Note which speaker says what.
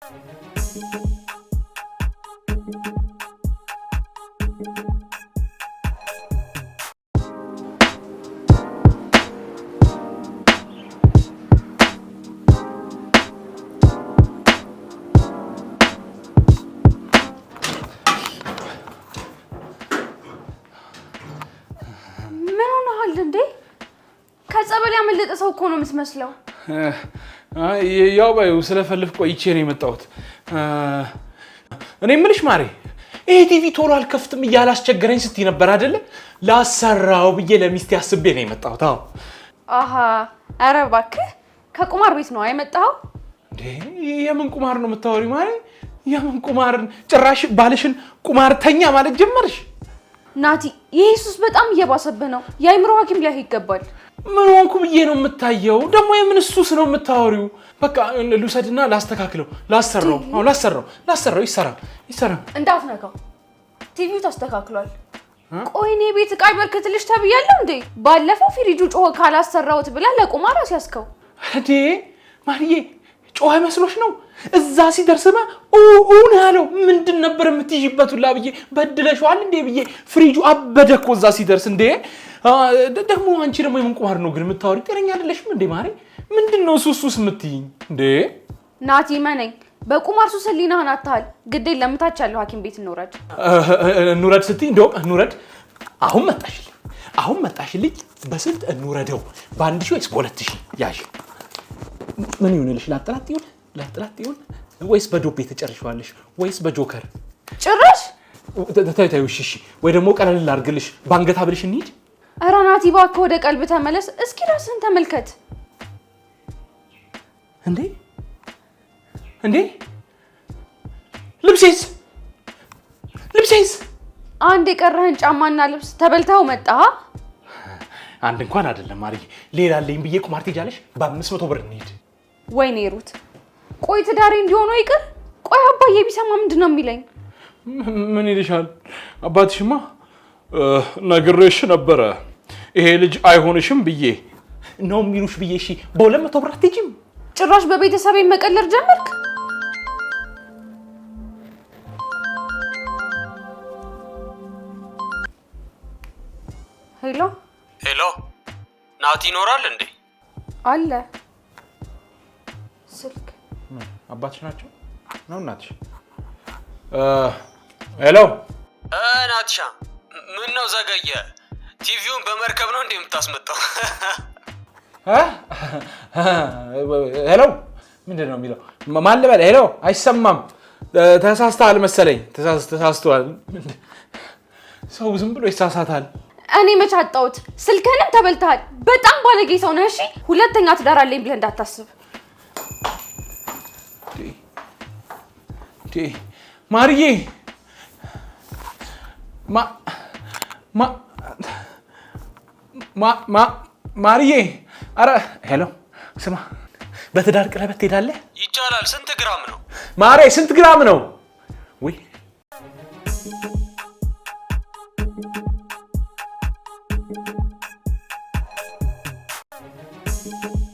Speaker 1: ምን ሆነሃል እንዴ? ከጸበል ያመለጠ ሰው እኮ ነው የምትመስለው።
Speaker 2: ያው ባዩ ስለፈልፍ ቆይቼ ነው የመጣሁት። እኔ ምልሽ ማሬ ይሄ ቲቪ ቶሎ አልከፍትም እያላስቸገረኝ ስትይ ነበር አይደለ? ላሰራው ብዬ ለሚስቴ አስቤ ነው የመጣሁት። አዎ።
Speaker 1: አሀ ኧረ እባክህ ከቁማር ቤት ነው የመጣኸው?
Speaker 2: የምን ቁማር ነው የምታወሪ? ማሬ የምን ቁማር? ጭራሽ ባልሽን ቁማርተኛ ማለት ጀመርሽ?
Speaker 1: ናቲ፣ ይሄ ሱስ በጣም እየባሰብህ ነው። የአይምሮ ሐኪም ሊያህ ይገባል።
Speaker 2: ምን ሆንኩ ብዬ ነው የምታየው? ደግሞ የምን ሱስ ነው የምታወሪው? በቃ ልውሰድና ላስተካክለው፣ ላሰራው፣ ላሰራው፣ ላሰራው። ይሰራል፣ ይሰራል።
Speaker 1: እንዳትነካው። ቲቪው ተስተካክሏል። ቆይ እኔ ቤት እቃ ይበርክትልሽ ተብያለሁ እንዴ? ባለፈው ፍሪጁ ጮኸ ካላሰራሁት ብላ ለቁማር ሲያስከው
Speaker 2: እንዴ። ማርዬ ጮኸ መስሎሽ ነው እዛ ሲደርስማ ኡን ያለው ምንድን ነበር የምትይዥበት ሁላ ብዬ በድለሸዋል እንዴ ብዬ ፍሪጁ አበደ እኮ እዛ ሲደርስ። እንዴ ደግሞ አንቺ ደግሞ የምን ቁማር ነው ግን የምታወሪ? ጤነኛ አይደለሽም እንዴ ማሬ? ምንድን ነው ሱስ ሱስ የምትይኝ እንዴ?
Speaker 1: ናቲ መነኝ በቁማር ሱስ ህሊናህን አታል ግዴ ለምታች ያለው ሀኪም ቤት እንውረድ
Speaker 2: እንውረድ ስትይ እንደውም እንውረድ አሁን መጣሽልኝ፣ አሁን መጣሽልኝ። በስንት እንውረደው? በአንድ ሺ ወይስ በሁለት ሺ ያሽ ምን ይሆንልሽ? ላጠላት ይሆን ላጥላት ይሁን ወይስ በዶቤ ተጨርሻለሽ? ወይስ በጆከር ጭራሽ ተታይታዩ? እሺ ወይ ደግሞ ቀለል ላድርግልሽ፣ ባንገታ ብልሽ እንሂድ።
Speaker 1: ኧረ ናቲ እባክህ ወደ ቀልብ ተመለስ። እስኪ ራስህን ተመልከት።
Speaker 2: እንዴ እንዴ! ልብሴስ ልብሴስ!
Speaker 1: አንድ የቀረህን ጫማና ልብስ ተበልተው መጣ።
Speaker 2: አንድ እንኳን አይደለም ማርዬ፣ ሌላ አለኝ ብዬ ቁማር ትሄጃለሽ። በአምስት መቶ ብር እንሂድ።
Speaker 1: ወይኔ ሩት ቆይ ትዳሬ እንዲሆኑ ይቅር። ቆይ አባዬ ቢሰማ ምንድን ነው የሚለኝ?
Speaker 2: ምን ይልሻል? አባትሽማ ነግሬሽ ነበረ ይሄ ልጅ አይሆንሽም ብዬ ነው የሚሉሽ ብዬ። እሺ በሁለት መቶ ብር አትሄጂም።
Speaker 1: ጭራሽ በቤተሰቤ መቀለር ጀመርክ። ሄሎ
Speaker 3: ሄሎ፣ ናቲ ይኖራል እንዴ?
Speaker 1: አለ ስልክ
Speaker 2: አባትሽ ናቸው ነው እናትሽ? ሄሎ
Speaker 3: ናትሻ፣ ምን ነው ዘገየ? ቲቪውን በመርከብ ነው እንዴ የምታስመጣው?
Speaker 2: ሄሎ ምንድን ነው የሚለው? ማን ልበል? ሄሎ አይሰማም። ተሳስተሃል መሰለኝ። ተሳስተዋል። ሰው ዝም ብሎ ይሳሳታል።
Speaker 1: እኔ መች አጣሁት። ስልክህንም ተበልተሃል። በጣም ባለጌ ሰው ነህ። እሺ፣ ሁለተኛ ትዳር አለኝ ብለህ እንዳታስብ
Speaker 2: ማርዬ ማርዬ፣ ኧረ ሄሎ፣ ስማ፣ በትዳር ቀለበት ትሄዳለህ?
Speaker 3: ይቻላል። ስንት ግራም ነው
Speaker 2: ማሬ? ስንት ግራም ነው? ውይ